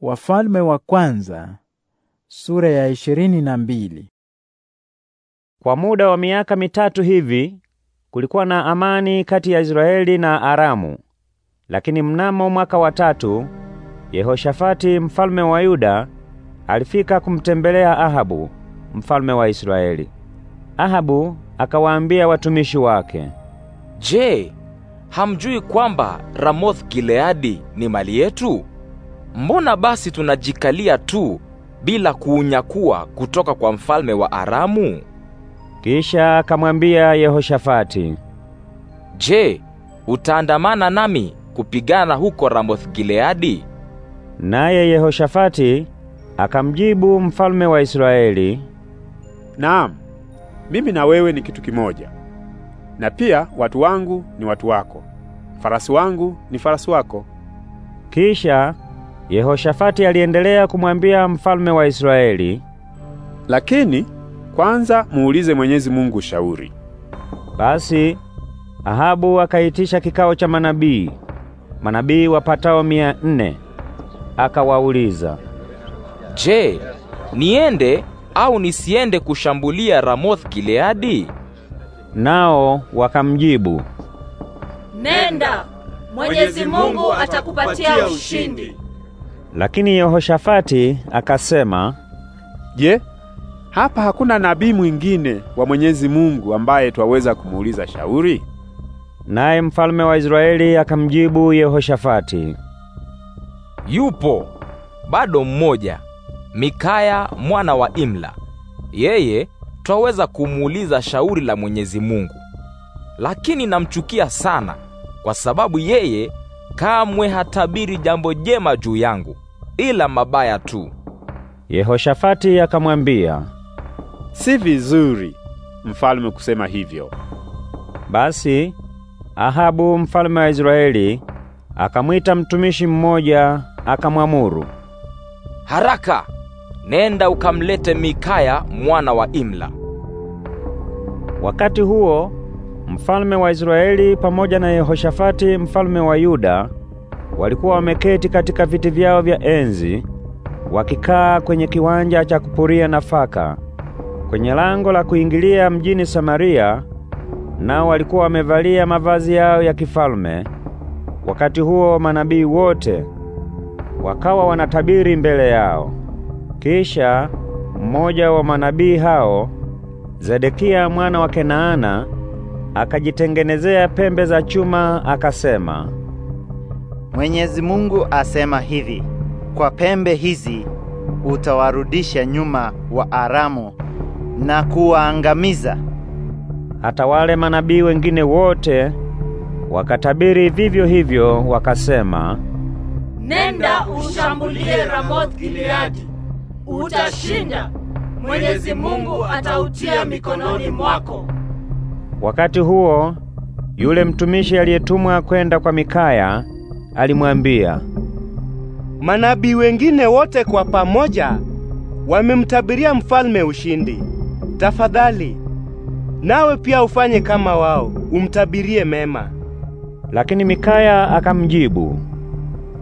Wafalme wa kwanza sura ya ishirini na mbili. Kwa muda wa miaka mitatu hivi kulikuwa na amani kati ya Israeli na Aramu. Lakini mnamo mwaka wa tatu Yehoshafati mfalme wa Yuda alifika kumtembelea Ahabu mfalme wa Israeli. Ahabu akawaambia watumishi wake, "Je, hamjui kwamba Ramoth Gileadi ni mali yetu? Mbona basi tunajikalia tu bila kuunyakua kutoka kwa mfalme wa Aramu? Kisha akamwambia Yehoshafati, Je, utaandamana nami kupigana huko Ramoth Gileadi? Naye Yehoshafati akamjibu mfalme wa Israeli, Naam, mimi na wewe ni kitu kimoja, na pia watu wangu ni watu wako, farasi wangu ni farasi wako. Kisha Yehoshafati aliendelea kumwambia mfalme wa Israeli, lakini kwanza muulize Mwenyezi Mungu shauri. Basi Ahabu akaitisha kikao cha manabii, manabii wapatao mia nne, akawauliza, Je, niende au nisiende kushambulia Ramoth Gileadi? Nao wakamjibu, Nenda, Mwenyezi Mungu atakupatia ushindi. Lakini Yehoshafati akasema, Je, hapa hakuna nabii mwingine wa Mwenyezi Mungu ambaye twaweza kumuuliza shauri? Naye mfalme wa Israeli akamjibu Yehoshafati, Yupo bado mmoja, Mikaya mwana wa Imla. Yeye twaweza kumuuliza shauri la Mwenyezi Mungu. Lakini namchukia sana kwa sababu yeye kamwe hatabiri jambo jema juu yangu ila mabaya tu. Yehoshafati akamwambia, si vizuri mfalme kusema hivyo. Basi Ahabu mfalme wa Israeli akamwita mtumishi mmoja akamwamuru, haraka nenda ukamlete Mikaya mwana wa Imla. Wakati huo mfalme wa Israeli pamoja na Yehoshafati mfalme wa Yuda walikuwa wameketi katika viti vyao vya enzi wakikaa kwenye kiwanja cha kupuria nafaka kwenye lango la kuingilia mjini Samaria, nao walikuwa wamevalia mavazi yao ya kifalme. Wakati huo manabii wote wakawa wanatabiri mbele yao. Kisha mmoja wa manabii hao Zedekia mwana wa Kenaana akajitengenezea pembe za chuma akasema Mwenyezi Mungu asema hivi: kwa pembe hizi utawarudisha nyuma wa Aramu na kuwaangamiza. Hata wale manabii wengine wote wakatabiri vivyo hivyo, wakasema, nenda ushambulie Ramoth Gileadi, utashinda, Mwenyezi Mungu atautia mikononi mwako. Wakati huo yule mtumishi aliyetumwa kwenda kwa Mikaya alimwambia, manabii wengine wote kwa pamoja wamemtabiria mfalme ushindi. Tafadhali nawe pia ufanye kama wao, umtabirie mema. Lakini Mikaya akamjibu,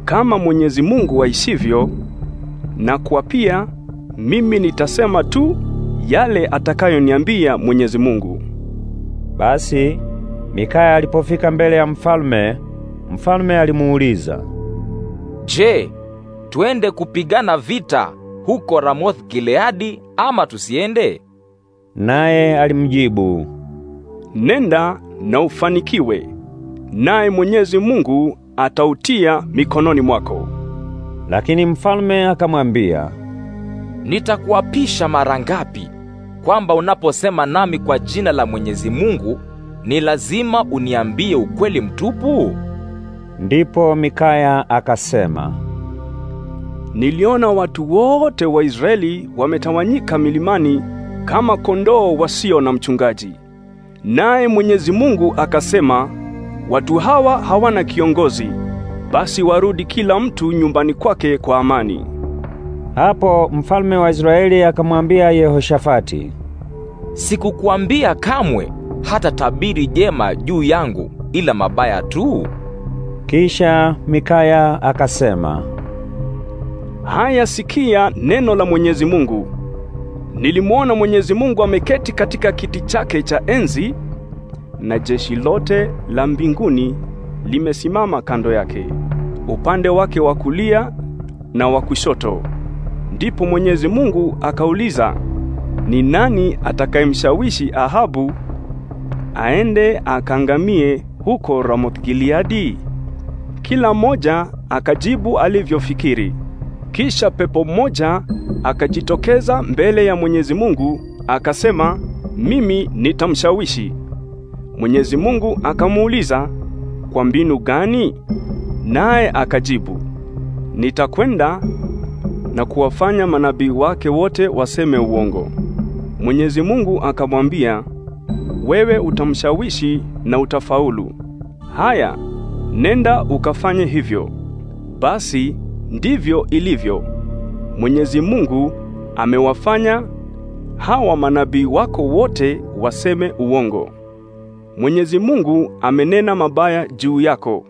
kama Mwenyezi Mungu aishivyo, na pia mimi nitasema tu yale atakayoniambia Mwenyezi Mungu. Basi Mikaya alipofika mbele ya mfalme Mfalme alimuuliza, "Je, twende kupigana vita huko Ramoth Gileadi ama tusiende?" Naye alimjibu, "Nenda na ufanikiwe, naye Mwenyezi Mungu atautia mikononi mwako." Lakini mfalme akamwambia, "Nitakuapisha mara ngapi kwamba unaposema nami kwa jina la Mwenyezi Mungu ni lazima uniambie ukweli mtupu?" Ndipo Mikaya akasema, niliona watu wote wa Israeli wametawanyika milimani kama kondoo wasio na mchungaji. Naye Mwenyezi Mungu akasema, watu hawa hawana kiongozi, basi warudi kila mtu nyumbani kwake kwa amani. Hapo mfalme wa Israeli akamwambia Yehoshafati, sikukuambia kamwe hata tabiri jema juu yangu, ila mabaya tu? Kisha Mikaya akasema, haya, sikia neno la Mwenyezi Mungu. Nilimwona Mwenyezi Mungu ameketi katika kiti chake cha enzi na jeshi lote la mbinguni limesimama kando yake, upande wake wa kulia na wa kushoto. Ndipo Mwenyezi Mungu akauliza, ni nani atakayemshawishi Ahabu aende akangamie huko Ramoth Gileadi? Kila mmoja akajibu alivyofikiri. Kisha pepo mmoja akajitokeza mbele ya Mwenyezi Mungu akasema, mimi nitamshawishi. Mwenyezi Mungu akamuuliza, kwa mbinu gani? Naye akajibu, nitakwenda na kuwafanya manabii wake wote waseme uongo. Mwenyezi Mungu akamwambia, wewe utamshawishi na utafaulu. Haya, Nenda ukafanye hivyo. Basi ndivyo ilivyo. Mwenyezi Mungu amewafanya hawa manabii wako wote waseme uongo. Mwenyezi Mungu amenena mabaya juu yako.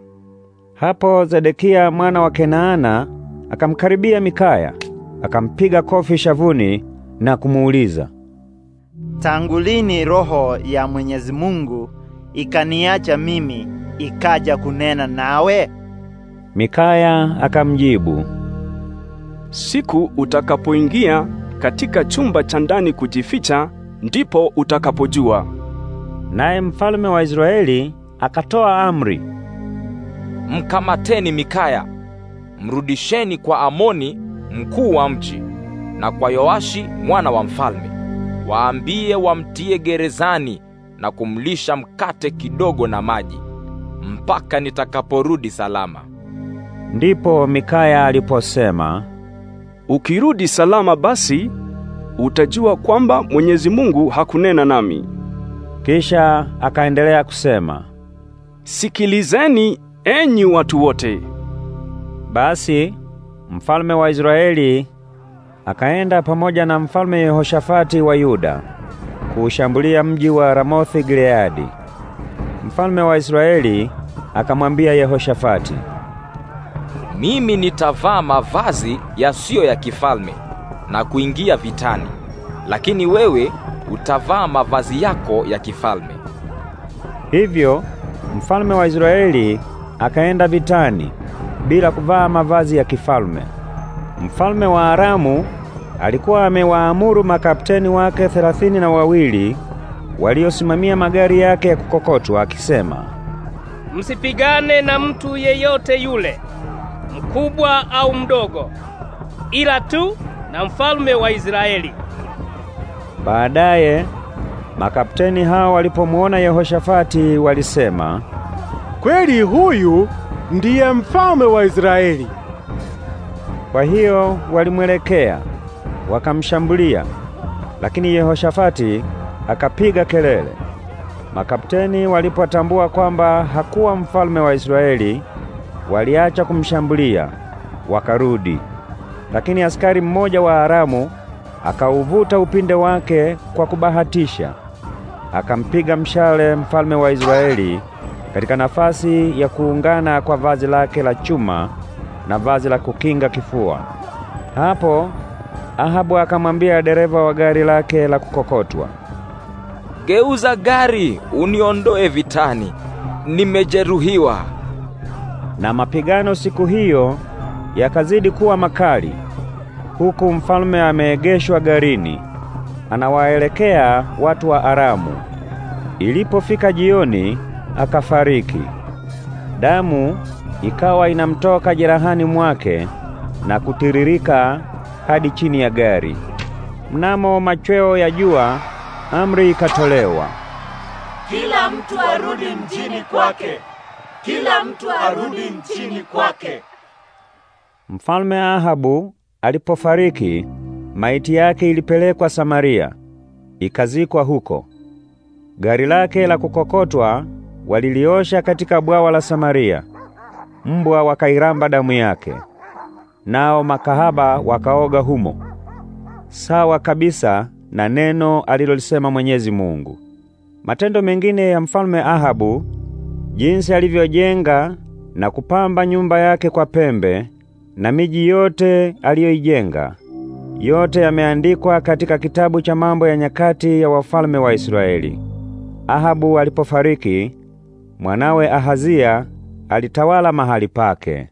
Hapo Zedekia mwana wa Kenaana akamkaribia Mikaya, akampiga kofi shavuni na kumuuliza, Tangu lini roho ya Mwenyezi Mungu ikaniacha mimi ikaja kunena nawe? Mikaya akamjibu, siku utakapoingia katika chumba cha ndani kujificha, ndipo utakapojua. Naye mfalme wa Israeli akatoa amri, mkamateni Mikaya, mrudisheni kwa Amoni mkuu wa mji na kwa Yoashi mwana wa mfalme, waambie wamtie gerezani na kumlisha mkate kidogo na maji mpaka nitakaporudi salama. Ndipo Mikaya aliposema, ukirudi salama basi utajua kwamba Mwenyezi Mungu hakunena nami. Kisha akaendelea kusema, sikilizeni enyi watu wote. Basi mfalme wa Israeli akaenda pamoja na mfalme Yehoshafati wa Yuda kuushambulia mji wa Ramothi Gileadi. Mfalme wa Israeli akamwambia Yehoshafati, mimi nitavaa mavazi yasiyo ya kifalme na kuingia vitani, lakini wewe utavaa mavazi yako ya kifalme. Hivyo mfalme wa Israeli akaenda vitani bila kuvaa mavazi ya kifalme. Mfalme wa Aramu alikuwa amewaamuru makapteni wake thelathini na wawili waliosimamia magari yake ya kukokotwa akisema, msipigane na mtu yeyote yule, mkubwa au mdogo, ila tu na mfalme wa Israeli. Baadaye makapteni hao walipomwona Yehoshafati walisema, kweli huyu ndiye mfalme wa Israeli. Kwa hiyo walimwelekea wakamshambulia, lakini Yehoshafati akapiga kelele. Makapteni walipotambua kwamba hakuwa mfalme wa Israeli, waliacha kumshambulia, wakarudi. Lakini askari mmoja wa Aramu akauvuta upinde wake kwa kubahatisha, akampiga mshale mfalme wa Israeli katika nafasi ya kuungana kwa vazi lake la chuma na vazi la kukinga kifua. Hapo Ahabu akamwambia dereva wa gari lake la kukokotwa, geuza gari uniondoe vitani, nimejeruhiwa. Na mapigano siku hiyo yakazidi kuwa makali, huku mfalme ameegeshwa garini anawaelekea watu wa Aramu. Ilipofika jioni, akafariki. Damu ikawa inamtoka jerahani mwake na kutiririka hadi chini ya gari. Mnamo machweo ya jua amri ikatolewa, kila mtu arudi mjini kwake, kila mtu arudi mjini kwake. Mfalme Ahabu alipofariki, maiti yake ilipelekwa Samaria ikazikwa huko. Gari lake la kukokotwa waliliosha katika bwawa la Samaria. Mbwa wakairamba damu yake, nao makahaba wakaoga humo. Sawa kabisa na neno alilolisema Mwenyezi Mungu. Matendo mengine ya mfalme Ahabu, jinsi alivyojenga na kupamba nyumba yake kwa pembe na miji yote aliyoijenga, yote yameandikwa katika kitabu cha mambo ya nyakati ya wafalme wa Israeli. Ahabu alipofariki, mwanawe Ahazia alitawala mahali pake.